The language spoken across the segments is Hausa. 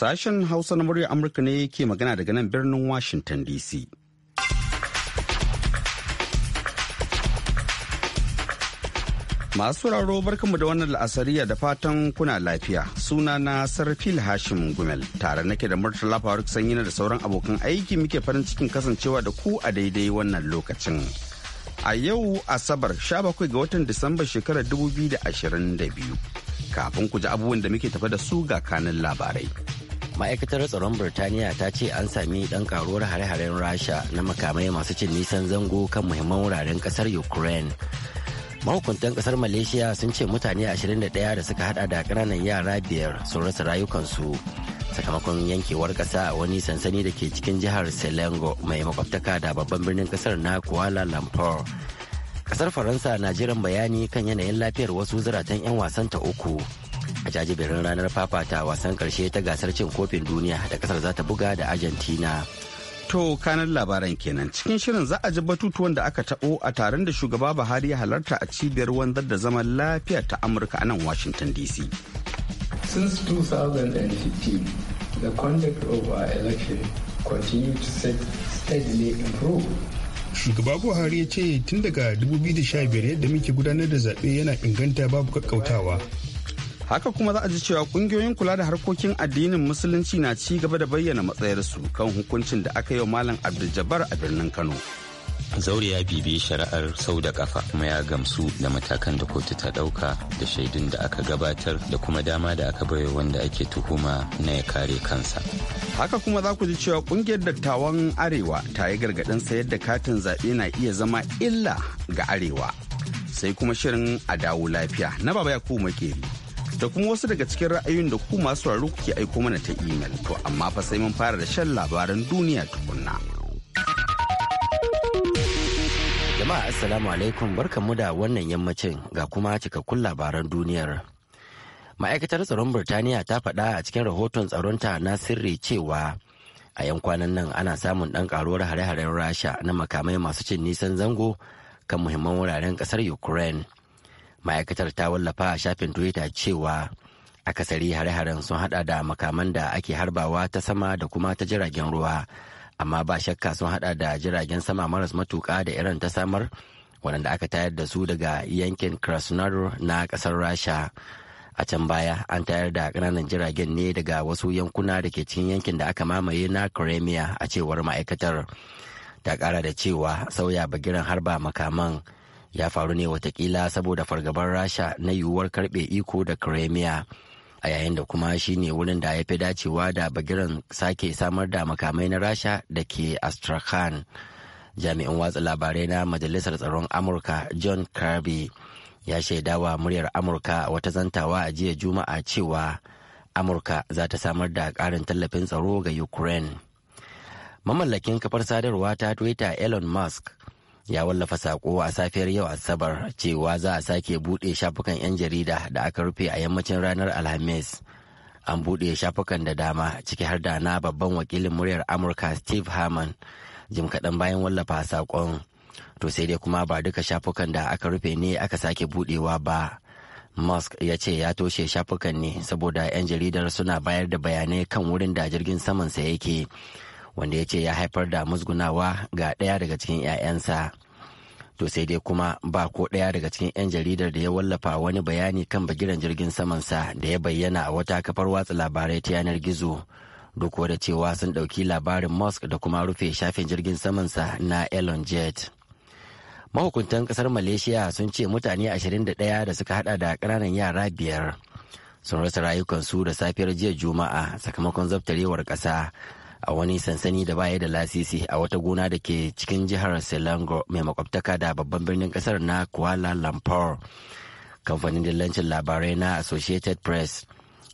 Sashen Hausa na muryar Amurka ne ke magana daga nan birnin Washington DC. Masu raro barkanmu da wannan la'asariya da fatan kuna lafiya. Suna na Sarfil Hashim Gumel tare nake da Murtala Faruk Sanyina da sauran abokan aiki muke farin cikin kasancewa da ku a daidai wannan lokacin. A yau Asabar 17 ga watan Disamba shekarar 2022. Kafin ku ji abubuwan da muke tafa da su ga kanin labarai. ma'aikatar tsaron birtaniya ta ce an sami dan karuwar hare-haren rasha na makamai masu cin nisan zango kan muhimman wuraren kasar ukraine mahukuntan kasar malaysia sun ce mutane 21 da suka hada da kananan yara biyar sun rasa rayukansu sakamakon yankewar kasa a wani sansani da ke cikin jihar selengo mai makwabtaka da babban birnin kasar na kuala lumpur kasar faransa na jiran bayani kan yanayin lafiyar wasu zaratan 'yan wasan ta uku a jajiberin ranar fafata wasan karshe ta gasar cin kofin duniya da kasar za ta buga da argentina to kanan labaran kenan cikin shirin za a ji batutuwan da aka taɓo a taron da shugaba buhari ya halarta a cibiyar wanzar da zaman lafiya ta amurka a nan washington dc Shugaba Buhari ya ce tun daga 2015 yadda muke gudanar da zaɓe yana inganta babu kakkautawa. haka kuma za a ji cewa kungiyoyin kula da harkokin addinin musulunci na ci gaba da bayyana matsayarsu kan hukuncin da aka yi wa malam abdul a birnin kano zaure ya bibi shari'ar sau da kafa kuma ya gamsu da matakan da kotu ta dauka da shaidun da aka gabatar da kuma dama da aka bayar wanda ake tuhuma na ya kare kansa haka kuma za ku ji cewa kungiyar dattawan arewa ta yi gargadin sayar da katin zaɓe na iya zama illa ga arewa sai kuma shirin a dawo lafiya na baba yakubu makeri da kuma wasu daga cikin ra'ayoyin da ku masu sauraro kuke aiko mana ta imel to amma fa sai mun fara da shan labaran duniya tukunna. jama'a assalamu alaikum barkanmu da wannan yammacin ga kuma cikakkun labaran duniyar ma'aikatar tsaron Birtaniya ta faɗa a cikin rahoton tsaronta na sirri cewa a yan kwanan nan ana samun ɗan ƙaruwar hare-haren rasha na makamai masu cin nisan zango kan muhimman wuraren ƙasar ukraine ma'aikatar ta wallafa a shafin twitter cewa akasari hare-haren sun hada da makaman da ake harbawa ta sama da kuma ta jiragen ruwa amma ba shakka sun hada da jiragen sama maras matuka da iran ta samar waɗanda aka tayar da su daga yankin krasnodar na kasar rasha a can baya an tayar da ƙananan jiragen ne daga wasu yankuna da ke cikin yankin da aka mamaye na crimea a cewar ma'aikatar ta ƙara da cewa sauya bagiran harba makaman ya faru ne watakila saboda fargabar rasha na yiwuwar karbe iko da crimea a yayin da kuma shi ne wurin da ya fi dacewa da bagiran sake samar da makamai na rasha da ke astrakhan jami'in watsa labarai na majalisar tsaron amurka john kirby ya shaidawa muryar amurka wata zantawa a jiya juma'a cewa amurka za ta samar da ƙarin tallafin tsaro ga ukraine mamallakin kafar sadarwa ta twitter elon musk ya wallafa sako a safiyar yau asabar cewa za a sake buɗe shafukan 'yan jarida da aka rufe a yammacin ranar alhamis an buɗe shafukan da dama ciki har da na babban wakilin muryar amurka steve harman jim kaɗan bayan wallafa sakon to sai dai kuma ba duka shafukan da aka rufe ne aka sake buɗewa ba musk ya ce ya toshe shafukan ne saboda 'yan jaridar suna bayar da bayanai kan wurin da jirgin samansa yake. wanda ya ce ya haifar da musgunawa ga ɗaya daga cikin 'ya'yansa to sai dai kuma ba ko ɗaya daga cikin 'yan jaridar da ya wallafa wani bayani kan bagiran jirgin samansa da ya bayyana a wata kafar watsa labarai ta yanar gizo duk da cewa sun ɗauki labarin musk da kuma rufe shafin jirgin samansa na elon jet mahukuntan ƙasar malaysia sun ce mutane 21 da suka hada da ƙananan yara biyar sun rasa rayukansu da safiyar jiya juma'a sakamakon zaftarewar ƙasa a wani sansani da baya da lasisi a wata gona da ke cikin jihar Selangor mai makwabtaka da babban birnin kasar na Kuala Lumpur. Kamfanin dillancin labarai na Associated Press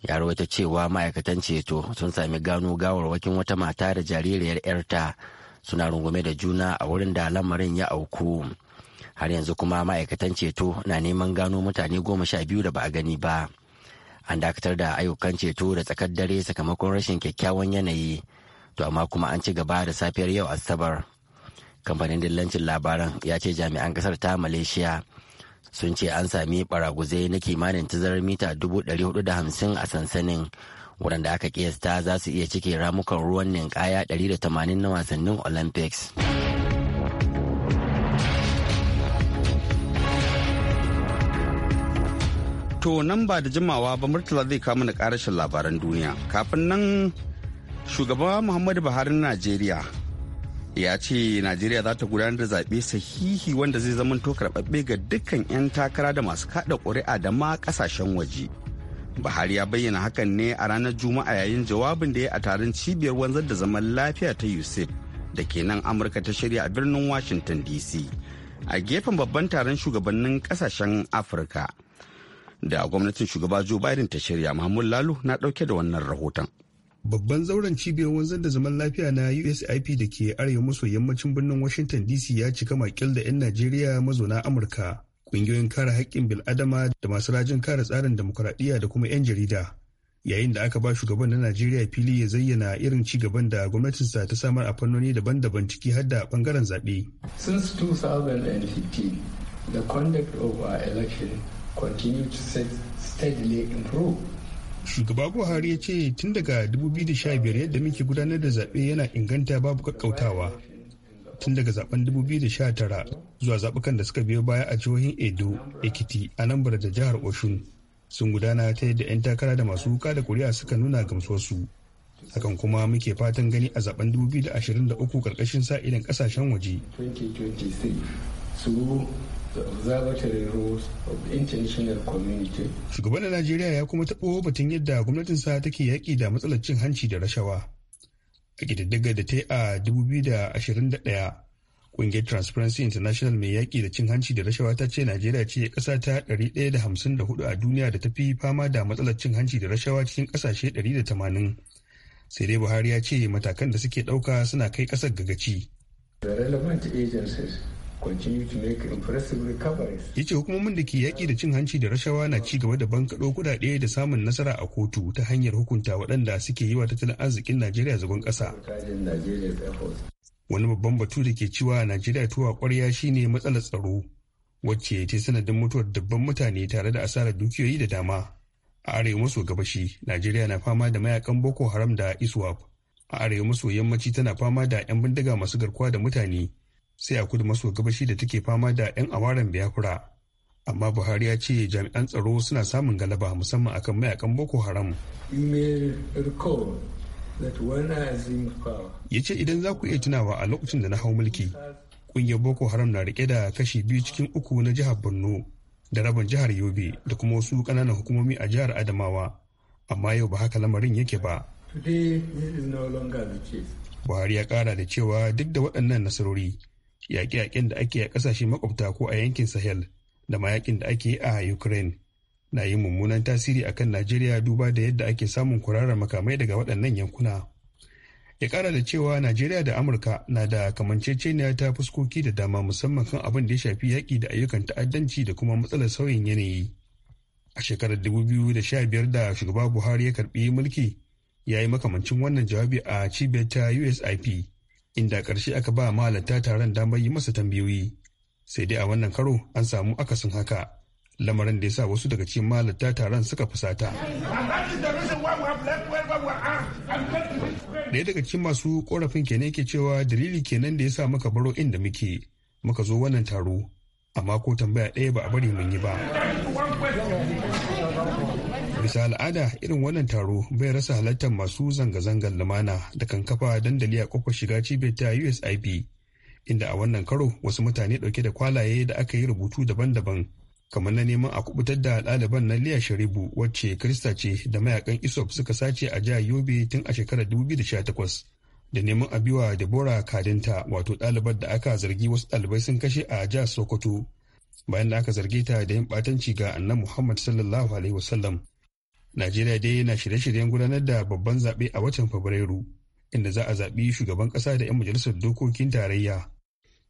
ya rawaita cewa ma'aikatan ceto sun sami gano gawarwakin wata mata da jaririyar 'yarta suna rungume da juna a wurin da lamarin ya auku. Har yanzu kuma ma'aikatan ceto na neman gano mutane goma sha biyu da ba a gani ba. An dakatar da ayyukan ceto da tsakar dare sakamakon rashin kyakkyawan yanayi to amma kuma an ci gaba da safiyar yau asabar kamfanin dillancin labaran ya ce jami'an kasar ta malaysia sun ce an sami baraguzai na kimanin tazarar mita 450 a sansanin waɗanda aka kiyasta za su iya cike ramukan ruwan ninkaya 180 na wasannin olympics to nan ba da jimawa ba murtala zai kama na karashin labaran duniya kafin nan shugaba muhammadu buhari na najeriya ya ce najeriya za ta gudanar da zaɓe sahihi wanda zai zama to karɓaɓɓe ga dukkan 'yan takara da masu kaɗa ƙuri'a da ma ƙasashen waje buhari ya bayyana hakan ne a ranar juma'a yayin jawabin da ya a taron cibiyar wanzar da zaman lafiya ta yusuf da ke nan amurka ta shirya a birnin washington dc a gefen babban taron shugabannin ƙasashen afirka da gwamnatin shugaba joe biden ta shirya mahmud Lalu na ɗauke da wannan rahoton babban zauren cibiyar wanzar da zaman lafiya na usip da ke arewa maso yammacin birnin washington dc ya cika makil da 'yan najeriya mazauna amurka ƙungiyoyin kare haƙƙin bil'adama da masu rajin kare tsarin demokuraɗiyya da kuma 'yan jarida yayin da aka ba shugaban na najeriya fili ya zayyana irin ci gaban da gwamnatinsa ta samar a fannoni daban-daban ciki har da bangaren zaɓe. since 2015 the conduct of our election continued to steadily improve shugaba buhari ya ce tun daga 2015 yadda muke gudanar da zaɓe yana inganta babu kakkautawa tun daga zaben 2019 zuwa zaɓukan da suka biyo baya a jihohin edo ekiti a nan da jihar oshun sun gudana ta yadda 'yan takara da masu wuka da kuri'a suka nuna gamsuwarsu hakan kuma muke fatan gani a zaben 2023 karkashin sa idan kasashen waje Su Shugaban na Najeriya ya kuma taɓo batun yadda gwamnatin sa take yaƙi da matsalar cin hanci da rashawa. A ƙididdigar da ta yi a 2021, ƙungiyar Transparency International mai yaƙi da cin hanci da rashawa ta ce Najeriya ce ƙasa ta 154 a duniya da ta fi fama da matsalar cin hanci da rashawa cikin ƙasashe 180. Sai dai Buhari ya ce matakan da suke ɗauka suna kai ƙasar gagaci. The relevant agencies yace hukumomin da ke yaƙi da cin hanci da rashawa na ci gaba da bankaɗo kuɗaɗe da samun nasara a kotu ta hanyar hukunta waɗanda suke yi wa tattalin arzikin Najeriya zagon ƙasa. Wani babban batu da ke ciwa Najeriya tuwa ƙwarya shine matsalar tsaro, wacce ta sanadin mutuwar dabban mutane tare da asarar dukiyoyi da dama. A arewa maso gabashi, Najeriya na fama da mayakan Boko Haram da ISWAP. A arewa maso yammaci tana fama da 'yan bindiga masu garkuwa da mutane. sai a kudu maso gabashi da take fama da 'yan awaran biyakura amma buhari ya ce jami'an tsaro suna samun galaba musamman akan mayakan boko haram ya ce idan za ku iya tunawa a lokacin da na hau mulki ƙungiyar boko haram na rike da kashi biyu cikin uku na jihar borno da rabin jihar yobe da kuma wasu ƙananan hukumomi a jihar adamawa amma yau ba haka lamarin yake ba buhari ya kara da cewa duk da waɗannan nasarori yaƙe-yaƙen da ake a ƙasashe makwabta ko a yankin sahel da ma yaƙin da ake a ukraine na yi mummunan tasiri a kan najeriya duba da yadda ake samun kurara makamai daga waɗannan yankuna ya ƙara da cewa najeriya da amurka na da kamanceceniya ta fuskoki da dama musamman kan abin da ya shafi yaƙi da ayyukan ta'addanci da kuma matsalar sauyin yanayi a shekarar 2015 da shugaba buhari ya karɓi mulki ya yi makamancin wannan jawabi a cibiyar ta usip inda ƙarshe aka ba malanta taron damar yi masa tambayoyi sai dai a wannan karo an samu akasin haka lamarin da ya sa wasu daga cikin malanta taron suka fusata ɗaya daga cikin masu korafin kenan yake cewa dalili kenan da ya sa muka baro inda muke muka zo wannan taro amma ko tambaya ɗaya ba a bari mun yi ba bisa al'ada irin wannan taro bai rasa halartar masu zanga-zangar lumana da kan kafa dandali a kofar shiga cibiyar ta usip inda a wannan karo wasu mutane dauke da kwalaye da aka yi rubutu daban-daban kamar na neman a kubutar da ɗaliban na liya sharibu wacce krista ce da mayakan isop suka sace a jihar yobe tun a shekarar 2018 da neman a biwa debora kadinta wato ɗalibar da aka zargi wasu ɗalibai sun kashe a jihar sokoto bayan da aka zarge ta da yin batanci ga annan muhammad sallallahu alaihi wasallam najeriya dai na shirye-shiryen gudanar da babban zaɓe a watan fabrairu inda za a zaɓi shugaban ƙasa da 'yan majalisar dokokin tarayya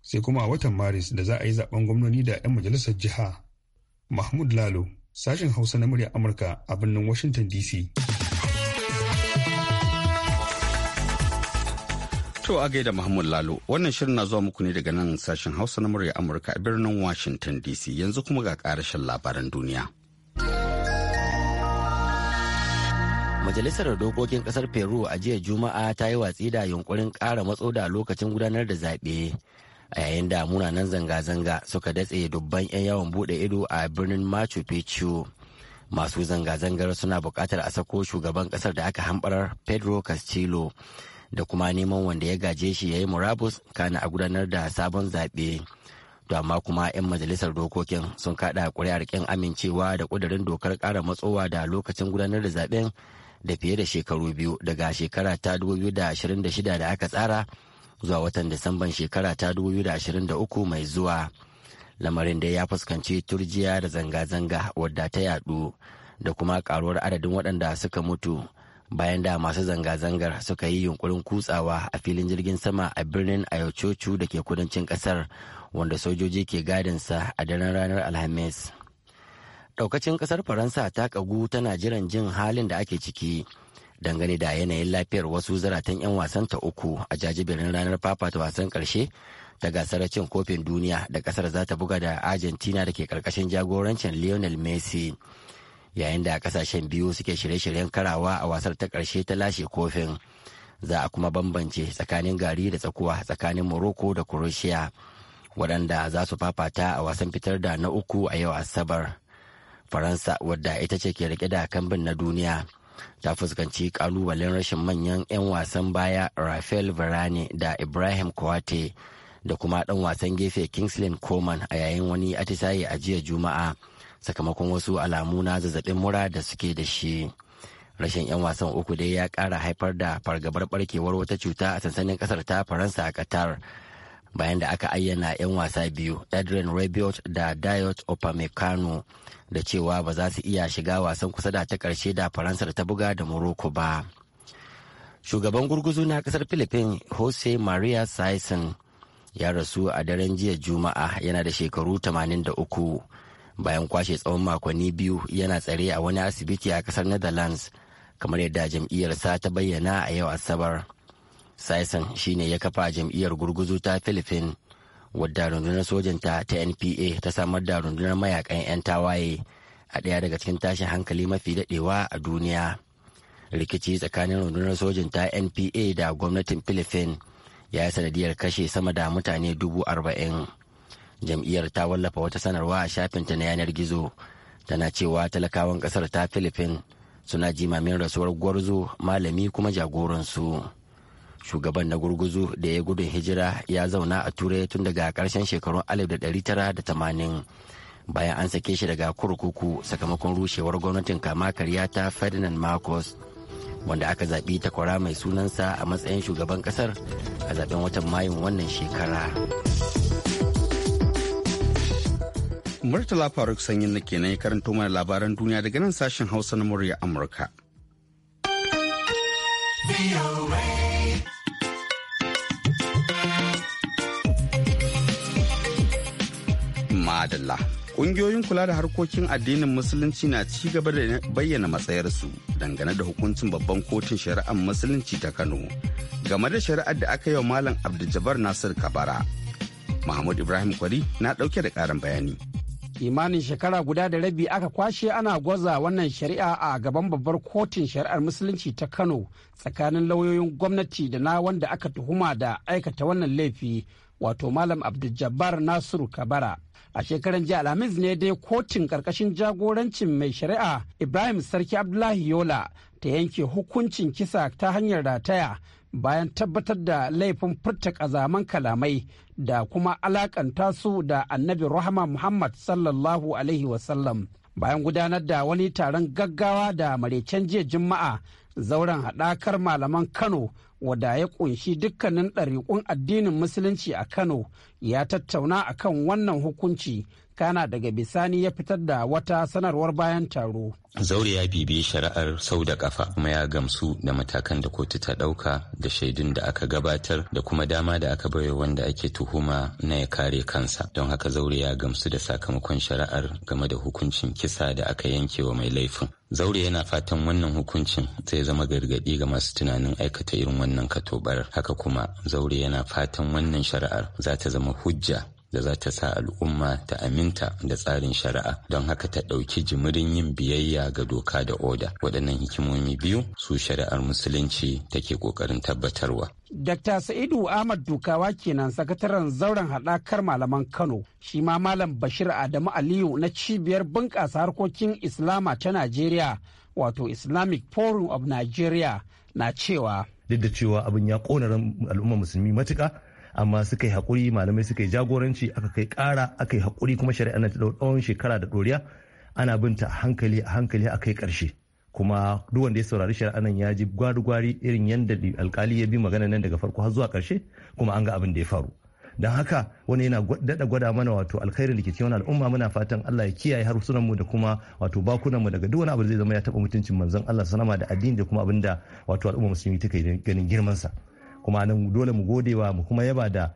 sai kuma a watan maris da za a yi zaɓen gwamnoni da 'yan majalisar jiha mahmud lalo sashen hausa na murya amurka a birnin washington dc To a gaida Mahmud Lalo, wannan shirin na zuwa muku ne daga nan sashen Hausa na murya Amurka a birnin Washington DC yanzu kuma ga karashen labaran duniya. Majalisar Dokokin Kasar Peru a jiya Juma'a ta yi watsi da yunkurin ƙara matso da lokacin gudanar da zaɓe. A yayin da munanan zanga-zanga suka datse dubban 'yan yawon buɗe ido a birnin Machu Picchu. Masu zanga-zangar suna buƙatar a sako shugaban ƙasar da aka hambarar Pedro Castillo da kuma neman wanda ya gaje shi ya yi murabus kana a gudanar da sabon zaɓe. to amma kuma 'yan majalisar dokokin sun kaɗa ƙuri'ar ƙin amincewa da ƙudurin dokar ƙara matsowa da lokacin gudanar da zaben da fiye da shekaru biyu daga shekara ta 2026 da aka tsara zuwa watan Disamban shekara ta 2023 mai zuwa. Lamarin dai ya fuskanci turjiya da zanga-zanga wadda ta yadu da kuma karuwar adadin waɗanda suka mutu bayan da masu zanga-zangar suka yi yunkurin kutsawa a filin jirgin sama a birnin Ayochochu da ke kudancin ƙasar wanda sojoji ke gadinsa a daren ranar Alhamis. daukacin kasar faransa ta kagu tana jiran jin halin da ake ciki dangane da yanayin lafiyar wasu zaratan 'yan wasan ta uku a jajibirin ranar fafata wasan karshe ta gasar cin kofin duniya da kasar za ta buga da argentina da ke karkashin jagorancin lionel messi yayin da kasashen biyu suke shirye-shiryen karawa a wasar ta karshe ta lashe kofin za a kuma bambance tsakanin gari da tsakuwa tsakanin morocco da croatia waɗanda za su fafata a wasan fitar da na uku a yau asabar faransa wadda ita ce ke rike da kambin na duniya ta fuskanci kalubalen rashin manyan 'yan wasan baya rafael varane da ibrahim Kowate da kuma dan wasan gefe kingsley coman a yayin wani atisaye a jiya juma'a sakamakon wasu alamu na zazzabin mura da suke da shi rashin 'yan wasan uku dai ya kara haifar da fargabar barkewar wata cuta a sansanin kasar ta faransa a qatar bayan da aka ayyana 'yan wasa biyu adrian rabiot da diot opamecano da cewa ba za su iya shiga wasan kusa da ta karshe da faransar ta buga da morocco ba shugaban gurguzu na kasar philippines jose maria sison ya rasu a daren jiya juma'a yana da shekaru 83 bayan kwashe tsawon makonni biyu yana tsare a wani asibiti a kasar netherlands kamar yadda jam'iyyarsa ta bayyana a yau asabar. Sison shine ya kafa jam'iyyar gurguzu ta Philippines wadda rundunar sojanta ta NPA ta samar da rundunar mayakan 'yan tawaye a ɗaya daga cikin tashin hankali mafi daɗewa a duniya. Rikici tsakanin rundunar sojan ta NPA da gwamnatin Philippines ya yi sanadiyar kashe sama da mutane dubu arba'in. Jam'iyyar ta wallafa wata sanarwa a shafinta na yanar gizo tana cewa talakawan ƙasar ta Philippines suna jimamin rasuwar gwarzo malami kuma jagoransu. shugaban na gurguzu da ya gudun hijira ya zauna a turai tun daga karshen shekarun 1980 bayan an sake shi daga kurkuku sakamakon rushewar gwamnatin kama karya ta ferdinand marcos wanda aka zaɓi takwara mai sunansa a matsayin shugaban ƙasar a zaɓen watan mayun wannan shekara murtala faruk sanyin na kenan ya karanto mana labaran duniya daga nan sashen hausa na murya amurka adalla. Ƙungiyoyin kula da harkokin addinin Musulunci na ci gaba da bayyana matsayarsu dangane da hukuncin babban kotun shari'ar Musulunci ta Kano game da shari'ar da aka yi wa Malam Abdul Nasir Kabara. Mahmud Ibrahim Kwari na ɗauke da ƙarin bayani. imanin shekara guda da rabi aka kwashe ana gwaza wannan shari'a a gaban babbar kotun shari'ar musulunci ta Kano tsakanin lauyoyin gwamnati da na wanda aka tuhuma da aikata wannan laifi wato malam abdul nasiru kabara a shekaran jiya alhamis ne dai kotun ƙarƙashin jagorancin mai shari'a ibrahim sarki abdullahi yola ta yanke hukuncin kisa ta hanyar rataya bayan tabbatar da laifin furta kazaman kalamai da kuma alaƙanta su da annabi rahama muhammad sallallahu alaihi wasallam bayan gudanar da wani taron gaggawa da maraicen jiya juma'a zauren haɗakar malaman kano wadda ya kunshi dukkanin ɗariƙun addinin musulunci a kano ya tattauna akan wannan hukunci kana daga bisani ya fitar da wata sanarwar bayan taro. Zaure ya bibi shari'ar sau da kafa kuma ya gamsu da matakan da kotu ta ɗauka da shaidun da aka gabatar da kuma dama da aka baiwa wanda ake tuhuma na ya kare kansa. Don haka Zaure ya gamsu da sakamakon shari'ar game da hukuncin kisa da aka yanke wa mai laifin. Zaure yana fatan wannan hukuncin zai zama gargaɗi ga masu tunanin aikata irin wannan katobar. Haka kuma Zaure yana fatan wannan shari'ar za ta zama hujja da za ta sa al'umma ta aminta da tsarin shari'a don haka ta ɗauki jimirin yin biyayya ga doka da oda waɗannan hikimomi biyu su shari'ar musulunci take ƙoƙarin tabbatarwa. Dr. Sa'idu Ahmad Dukawa kenan sakataren zauren haɗakar malaman Kano, shi ma Malam Bashir Adamu Aliyu na cibiyar bunƙasa harkokin Islama ta Najeriya, wato Islamic Forum of Nigeria na cewa. Duk da cewa abin ya konar al'ummar musulmi matuƙa, amma suka yi haƙuri malamai suka yi jagoranci aka kai ƙara aka yi haƙuri kuma shari'a na ta tsawon shekara da ɗoriya ana binta a hankali a hankali a kai ƙarshe kuma duk wanda ya saurari shari'a nan ya ji gwari-gwari irin yadda alkali ya bi magana nan daga farko har zuwa ƙarshe kuma an ga abin da ya faru don haka wani yana daɗa gwada mana wato alkhairin da ke cikin al'umma muna fatan Allah ya kiyaye harsunan mu da kuma wato bakunan mu daga duk wani abu da zai zama ya taɓa mutuncin manzon Allah sanama da addini da kuma abin da wato al'umma musulmi take ganin girman sa kuma nan dole mu gode godewa mu kuma yaba da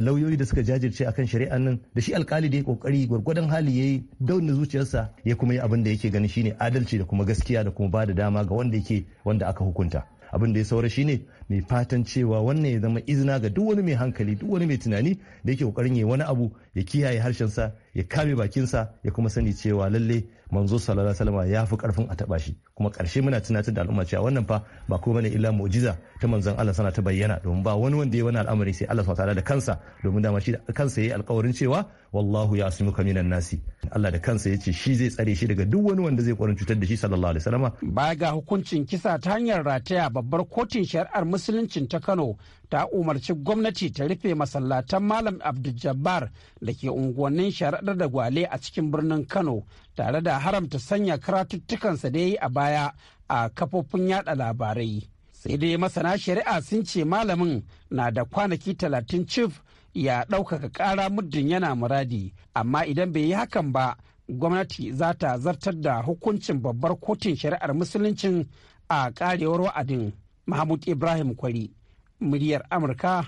lauyoyi da suka jajirce akan shari'an nan da shi alkali da ya kokari gwargwadon hali yayi daunin zuciyarsa ya kuma yi abin da yake ganin shine adalci da kuma gaskiya da kuma ba da dama ga wanda yake wanda aka hukunta abin da ya saura shine mai fatan cewa wannan ya zama izina ga duk wani mai hankali duk wani mai tunani da yake kokarin yayi wani abu ya kiyaye harshen sa. ya kame bakinsa ya kuma sani cewa lalle manzo sallallahu alaihi wasallam ya fi karfin a taba shi kuma karshe muna tunatar da al'umma cewa wannan fa ba ko bane illa mu'jiza ta manzon Allah sana ta bayyana domin ba wani wanda ya wani al'amari sai Allah subhanahu da kansa domin dama shi da kansa yayi alƙawarin cewa wallahu ya minan nasi Allah da kansa yace shi zai tsare shi daga duk wani wanda zai ƙorin cutar da shi sallallahu alaihi wasallam baya ga hukuncin kisa ta hanyar rataya babbar kotun shari'ar musuluncin ta Kano ta umarci gwamnati ta rufe masallatan malam abdul da ke unguwannin sharaɗar da gwale a cikin birnin kano tare da haramta sanya karatuttukansa da ya yi a baya a kafofin yada labarai sai dai masana shari'a sun ce malamin na da kwanaki talatin cif ya ɗaukaka ƙara muddin yana muradi amma idan bai yi hakan ba gwamnati za ta zartar da hukuncin babbar kotun shari'ar musuluncin a ƙarewar wa'adin mahmud ibrahim kwari muryar Amurka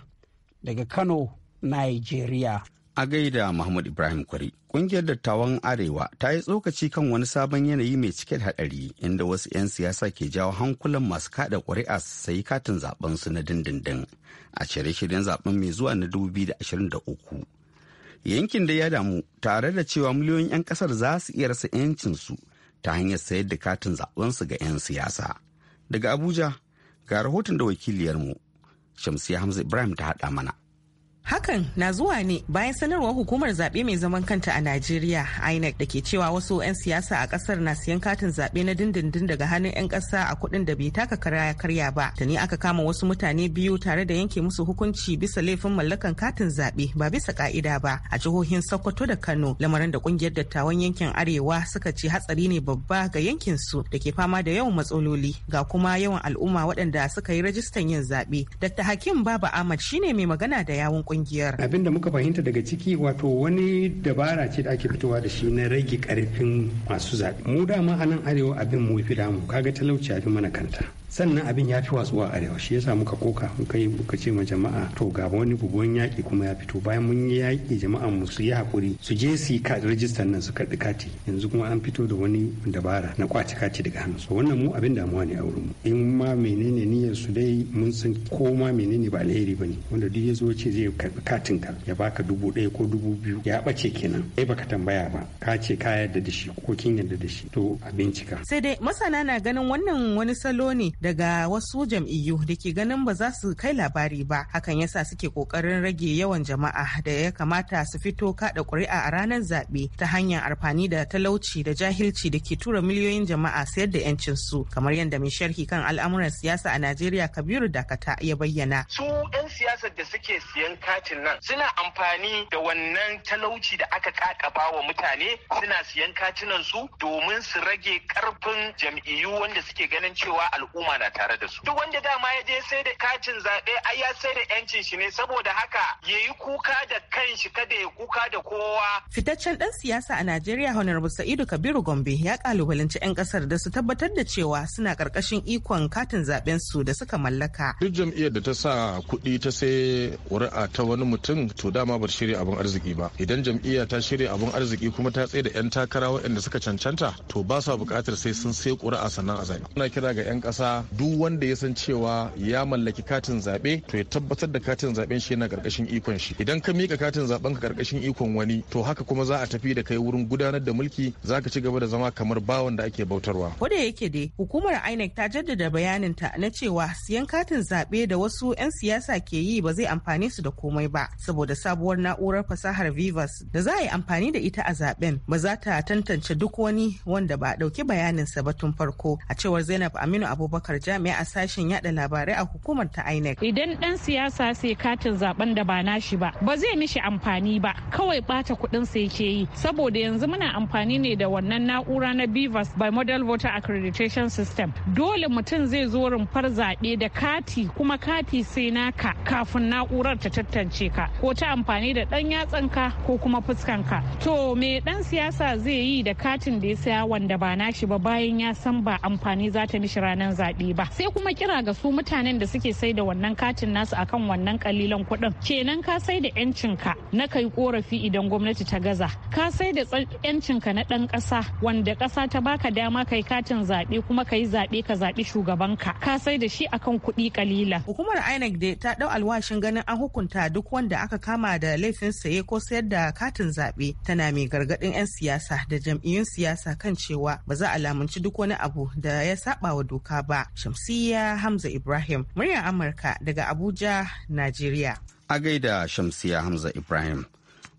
daga Kano, Nigeria. A gaida Muhammad Ibrahim Kwari, ƙungiyar dattawan Arewa ta yi tsokaci kan wani sabon yanayi mai cike da haɗari inda wasu 'yan siyasa ke jawo hankulan masu kaɗa ƙuri'a su sayi katin zaben su na dindindin a shirye-shiryen zaben mai zuwa na 2023. Yankin da ya damu tare da cewa miliyoyin 'yan ƙasar za su iya rasa 'yancin su ta hanyar sayar da katin zaben su ga 'yan siyasa. Daga Abuja, ga rahoton da wakiliyarmu Shamsiya Hamza Ibrahim ta haɗa mana. Hakan na zuwa ne bayan sanarwar hukumar zaɓe mai zaman kanta a Najeriya INEC da ke cewa wasu 'yan siyasa a ƙasar na siyan katin zaɓe na dindindin daga hannun 'yan ƙasa a kuɗin da bai taka karaya karya ba. ne aka kama wasu mutane biyu tare da yanke musu hukunci bisa laifin mallakan katin zaɓe ba bisa ka'ida ba a jihohin Sokoto da Kano lamarin da ƙungiyar dattawan yankin Arewa suka ce hatsari ne babba ga yankin su da ke fama da yawan matsaloli ga kuma yawan al'umma waɗanda suka yi rajistan yin zaɓe. Dr. Hakim Baba Ahmad shine mai magana da yawun ƙungiyar. kungiyar abin da muka fahimta daga ciki wato wani dabara ce da ake fitowa da shi na rage karfin masu zaɓe mu dama a nan arewa abin mu fi damu kaga talauci abin mana kanta sannan abin ya fi watsuwa arewa shi yasa muka koka muka yi muka ce ma jama'a to ga wani bubuwan yaƙi kuma ya fito bayan mun yi yaƙi jama'an mu su yi hakuri su je su yi rijistar nan su karɓi kati yanzu kuma an fito da wani dabara na kwaci kati daga hannu so wannan mu abin damuwa ne a wurin mu in ma menene niyyar su dai mun san ko ma menene ba alheri ba ne wanda duk ya zo ce zai karɓi katin ka ya baka dubu ɗaya ko dubu biyu ya ɓace kenan kai baka tambaya ba ka ce ka yarda da shi ko kin yarda da shi to abincika bincika sai dai masana na ganin wannan wani salo ne daga wasu jam'iyyu da ke ganin ba za su kai labari ba hakan yasa suke kokarin rage yawan jama'a da ya kamata su fito kada ƙuri'a a ranar zaɓe ta hanyar amfani da talauci da jahilci da ke tura miliyoyin jama'a sayar da 'yancin su kamar yadda mai sharhi kan al'amuran siyasa a Najeriya Kabiru Dakata ya bayyana. Su 'yan siyasar da suke siyan katin nan suna amfani da wannan talauci da aka kakaba wa mutane suna siyan katinan su domin su rage karfin jam'iyyu wanda suke ganin cewa al'umma al'umma na tare da su duk wanda dama ya je sai da katin zaɓe ai ya sai da yancin shi ne saboda haka ya yi kuka da kanshi kada ya kuka da kowa fitaccen ɗan siyasa a Najeriya Honorable Sa'idu Kabiru Gombe ya kalubalanci 'yan kasar da su tabbatar da cewa suna ƙarƙashin ikon katin zaben su da suka mallaka duk jam'iyyar da ta sa kuɗi ta sai ƙuri'a ta wani mutum to dama ba shirya abin arziki ba idan jam'iyya ta shirya abin arziki kuma ta tsaye da 'yan takara waɗanda suka cancanta to ba sa buƙatar sai sun sai ƙuri'a sannan a zaɓe ina kira ga 'yan ƙasa duk wanda ya san cewa ya mallaki katin zaɓe to ya tabbatar da katin zaɓen shi yana karkashin ikon shi idan ka mika katin zaben ka karkashin ikon wani to haka kuma za a tafi da kai wurin gudanar da mulki za ka ci gaba da zama kamar bawan da ake bautarwa ko da yake dai hukumar INEC ta jaddada bayaninta na cewa siyan katin zaɓe da wasu 'yan siyasa ke yi ba zai amfane su da komai ba saboda sabuwar na'urar fasahar Vivas da za a yi amfani da ita a zaben ba za ta tantance duk wani wanda ba ɗauki bayaninsa ba tun farko a cewar Zainab Aminu Abubakar abubakar jami'a a sashen yada labarai a hukumar ta inec idan dan siyasa sai katin zaben da ba nashi ba ba zai mishi amfani ba kawai bata kuɗin sai ke yi saboda yanzu muna amfani ne da wannan na'ura na bivas by model voter accreditation system dole mutum zai zo rumfar zaɓe da kati kuma kati sai naka kafin na'urar ta tantance ka ko ta amfani da ɗan ka ko kuma fuskan ka to me dan siyasa zai yi da katin da ya saya wanda ba nashi ba bayan ya san ba amfani za ta mishi ranar zaɓe kuɗi ba sai kuma kira ga su mutanen da suke sai da wannan katin nasu akan wannan kalilan kuɗin kenan ka sai da ka na kai korafi idan gwamnati ta gaza ka sai da ka na ɗan ƙasa wanda ƙasa ta baka dama kai katin zaɓe kuma kai zaɓe ka zaɓi shugabanka ka sai da shi akan kuɗi kalila hukumar inec dai ta ɗau alwashin ganin an hukunta duk wanda aka kama da laifin saye ko sayar da katin zaɓe tana mai gargadin 'yan siyasa da jam'iyyun siyasa kan cewa ba za a lamunci duk wani abu da ya saba wa doka ba Shamsiya Hamza Ibrahim, murya Amurka daga Abuja, Najeriya. A gaida Shamsiya Hamza Ibrahim.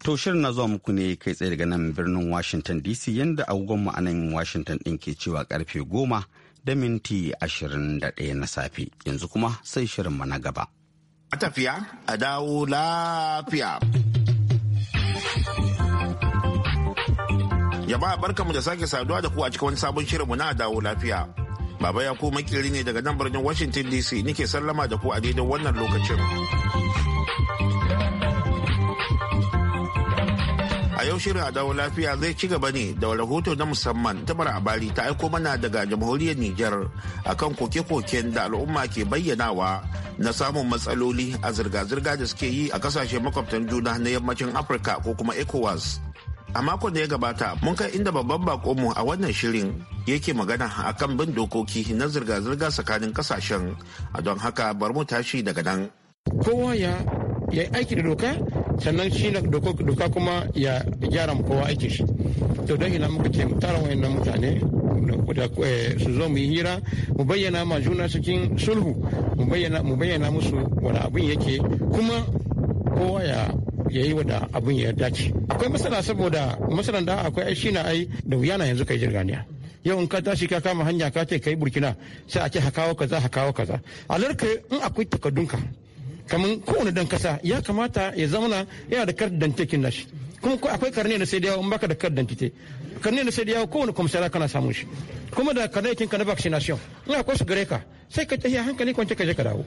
To shirin na zuwa muku ne kai tsaye daga nan birnin Washington DC yadda agogon mu anan Washington din ke cewa karfe goma da minti ashirin da ɗaya na safe. Yanzu kuma sai shirin na gaba. A tafiya a dawo lafiya. a barkamu da sake saduwa da ku a cikin wani sabon shirinmu na dawo lafiya. Baba ya ko makiri ne daga nan birnin Washington DC nike sallama da ku a daidai wannan lokacin. A yau shirin adawo lafiya zai ci gaba ne da rahoto na musamman ta abari ta aiko mana daga jamhuriyar Nijar kan koke-koken da al'umma ke bayyanawa na samun matsaloli a zirga-zirga da suke yi a kasashe makwabtan juna na yammacin Afirka ko kuma ECOWAS. a makon da ya gabata mun kai inda babban bakonmu a wannan shirin yake magana a kan bin dokoki na zirga-zirga tsakanin kasashen a don haka bar mu tashi daga nan kowa ya ya aiki da doka sannan shi na doka kuma ya gyara mu kowa aiki shi to don ina muka ce tara wayannan mutane eh, su zo mu yi hira mu bayyana ma juna cikin sulhu mu bayyana musu wani abin yake kuma kowa ya ya yi wada abin ya dace akwai masana saboda masanan da akwai ai shine ai da wuya na yanzu kai jirganiya yau in ka tashi ka kama hanya ka ce kai burkina sai a ce hakawo kaza hakawo kaza alarka in akwai takaddunka kamar kowane dan kasa ya kamata ya zamana yana da kardan tekin nashi kuma akwai karne na sai da yawo in baka da kardan tite karne na sai da yawo kowane kwamsara kana samun shi kuma da karne kin kana vaccination in akwai su gare ka sai ka tafiya hankali kwance ka je ka dawo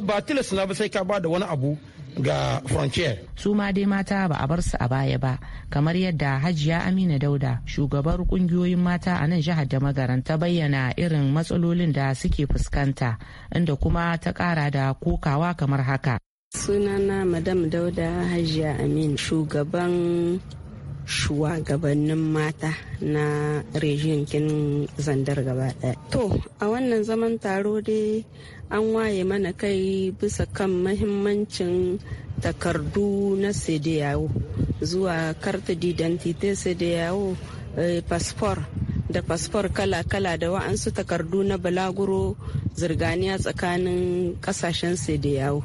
ba tilas na ba sai ka ba da wani abu ga frontier su ma dai mata ba a bar su a baya ba kamar yadda hajiya amina dauda shugabar kungiyoyin mata a nan jihar da magaran ta bayyana irin matsalolin da suke fuskanta inda kuma ta kara da kokawa kamar haka sunana madam dauda hajiya amin shugaban shugabannin mata na rejiyar kin zandar gaba daya to a wannan zaman taro dai an waye mana kai bisa kan mahimmancin takardu na cdao zuwa karta didantite cdao eh, da fasfor kala-kala da wa'ansu takardu na balaguro zirganiya tsakanin kasashen cdao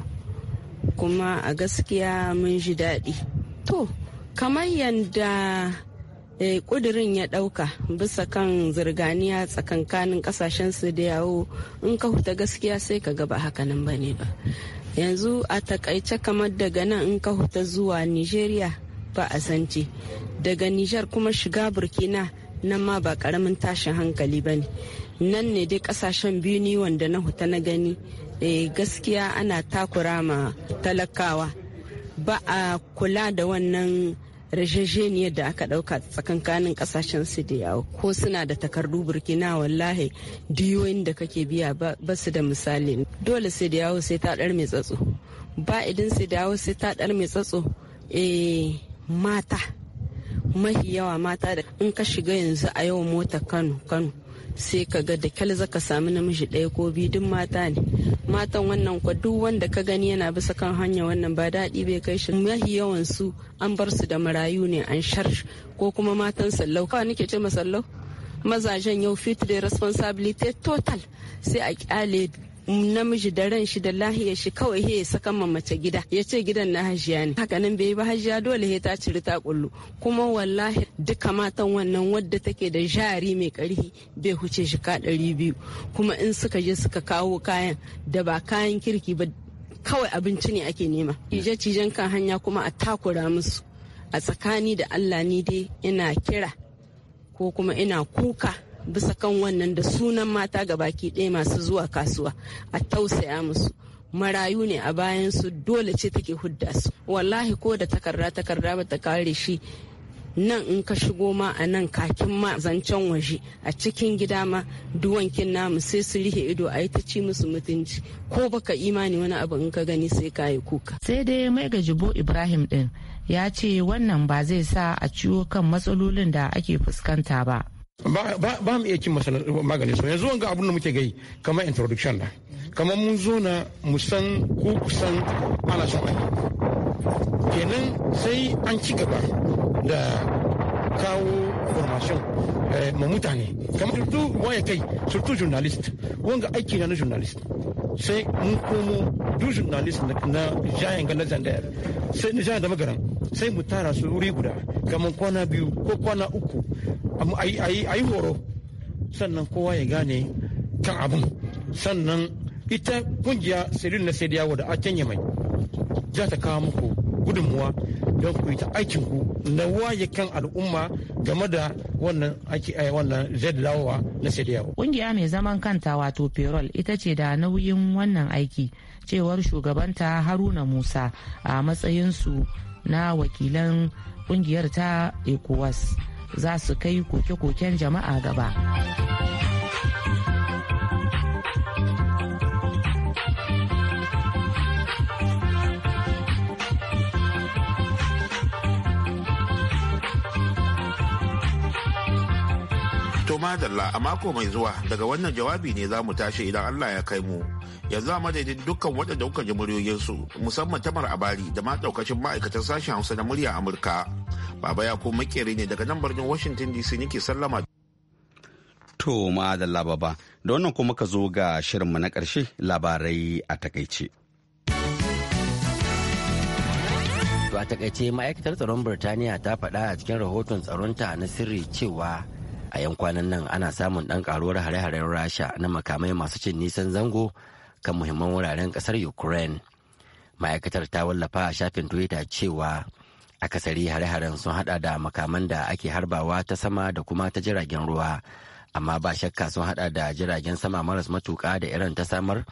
kuma a gaskiya mun ji daɗi to kamar yadda kudirin eh, ya dauka bisa kan zirganiya tsakankanin kasashen su da yawo in ka huta gaskiya sai ka gaba hakanan ba ne ba yanzu a takaice kamar daga nan in ka huta zuwa nigeria ba a sanci daga Nijar kuma shiga burkina nan ma ba karamin tashin hankali ba ne nan ne dai kasashen biyu ni wanda na huta na gani eh, gaskiya ana takura ma talakawa ba a kula da wannan rashajeniyar da aka ɗauka tsakankanin ƙasashen su da yawo ko suna da takardu burkina wallahi diyoyin da kake biya ba su da misali dole sai da yawo sai ta dar mai tsatso ba idan sai da yawo sai ta dar mai tsatso eh mata mahi yawa mata da in ka shiga yanzu a yau mota kano kano sai ka ga da kyal zaka samu namiji ɗaya ko biyu duk mata ne matan wannan kwa duk wanda ka gani yana bisa kan hanya wannan ba daɗi bai kai shi mahi yawan su an bar su da marayu ne an shar ko kuma matan sallau kawai nake ce masallau mazajen yau fit da responsibility total sai a kyale namiji da ran shi da lahiyar shi kawai he saka ma mace gida ya ce gidan na hajiya ne haka nan bai ba hajiya dole he ta ciri ta kullu kuma wallahi duka matan wannan wadda take da jari mai karfi bai huce shi ka ɗari biyu kuma in suka je suka kawo kayan da ba kayan kirki ba kawai abinci ne ake nema cije-cijen kan hanya kuma a takura musu a tsakani da allah ni dai ina kira ko kuma ina kuka bisa kan wannan da sunan mata ga baki ɗaya masu zuwa kasuwa a tausaya musu marayu ne a bayan su dole ce take hudda su wallahi ko da takarda takarda ba ta kare shi nan in ka shigo ma a nan kakin ma zancen waje a cikin gida ma duwankin namu sai su rihe ido a yi ta ci musu mutunci ko baka imani wani abu in ka gani sai ka yi kuka sai dai mai gajibo ibrahim din ya ce wannan ba zai sa a ciwo kan matsalolin da ake fuskanta ba ba mu iya cin maganin su yanzu wanga abin da muke gai kamar introduction na kamar mun zo na musan ko kusan ana son kenan sai an ci gaba da kawo formation eh, ma mutane kamar surtu waya kai surtu journalist wanga aiki na na journalist sai mun komo du journalist na jayen galar da sai na jayen da magaran sai mu tara su wuri guda kamar kwana biyu ko kwana uku a yi horo sannan kowa ya gane kan abin sannan ita kungiya sirrin na sai da a ya mai za ta kawo muku gudunmuwa don ku yi ta aikinku na waye kan al'umma game da wannan aiki a eh, wannan dawowa na sediyawa. Kungiya mai zaman kanta wato Perol ita ce da nauyin wannan aiki cewar shugabanta Haruna Musa a matsayinsu na wakilan kungiyar ta ECOWAS. za su kai koke-koken jama'a gaba. To madalla a mako mai zuwa daga wannan jawabi ne za mu tashi idan Allah ya kai mu. yanzu a madadin dukkan waɗanda kuka ji su musamman tamar abari da ma ɗaukacin ma'aikatan sashen hausa na murya amurka baba ya ko makere ne daga nan birnin washington dc nake sallama to ma da lababa da wannan kuma ka zo ga shirinmu na ƙarshe labarai a takaice a takaice ma'aikatar tsaron birtaniya ta faɗa a cikin rahoton tsaronta na sirri cewa a yan kwanan nan ana samun ɗan karuwar hare-haren rasha na makamai masu cin nisan zango kan muhimman wuraren kasar ukraine ma'aikatar ta wallafa a shafin twitter cewa akasari hare-haren sun hada da makaman da ake harbawa ta sama da kuma ta jiragen ruwa amma ba shakka sun hada da jiragen sama maras matuka da irin ta samar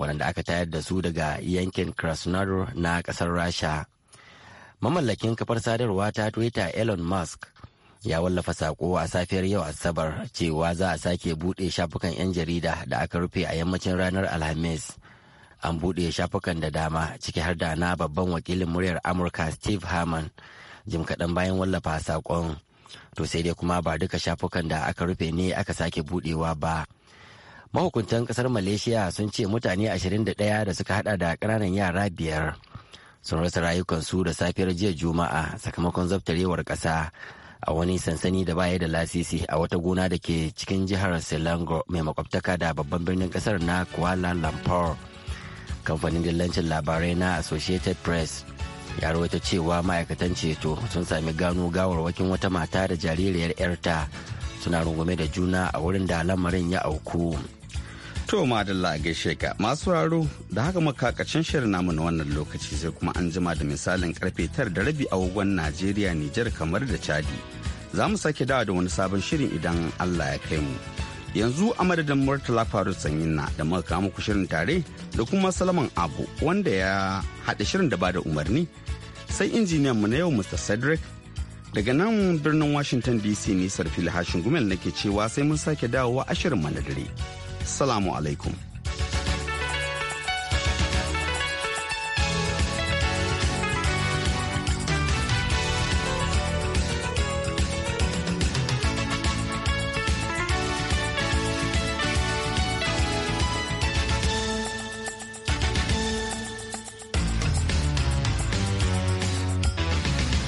waɗanda aka tayar da su daga yankin krasnodar na ƙasar rasha mamallakin kafar sadarwa ta twitter elon musk ya wallafa sako a safiyar yau asabar cewa za a sake buɗe shafukan 'yan jarida da aka rufe a yammacin ranar alhamis an buɗe shafukan da dama ciki har da na babban wakilin muryar amurka steve harman jim kaɗan bayan wallafa sakon to sai dai kuma ba duka shafukan da aka rufe ne aka sake buɗewa ba mahukuntan ƙasar malaysia sun ce mutane 21 da suka hada da ƙananan yara biyar sun rasa rayukansu da safiyar jiya juma'a sakamakon zaftarewar ƙasa a wani sansani da baya da lasisi a wata gona da ke cikin jihar selangor mai makwabtaka da babban birnin kasar na kuala lumpur kamfanin dillancin labarai na associated press ya rawaito cewa ma'aikatan ceto sun sami gano gawarwakin wata mata da jaririyar 'yarta suna rungume da juna a wurin da lamarin ya auku. To madalla a gaishe ka masu raro da haka makakacin shirin namu na wannan lokaci sai kuma an jima da misalin karfe tar da rabi a agogon Najeriya Nijar kamar da Chadi. Za mu sake dawa da wani sabon shirin idan Allah ya kai mu. Yanzu a madadin Murtala Faru sanyin na da muka kawo muku shirin tare da kuma Salaman Abu wanda ya haɗa shirin da bada umarni. Sai injiniyan mu na yau Mr. Cedric daga nan birnin Washington DC ne Sarfil Hashin Gumel nake cewa sai mun sake dawowa a shirin na dare. Salamu alaikum.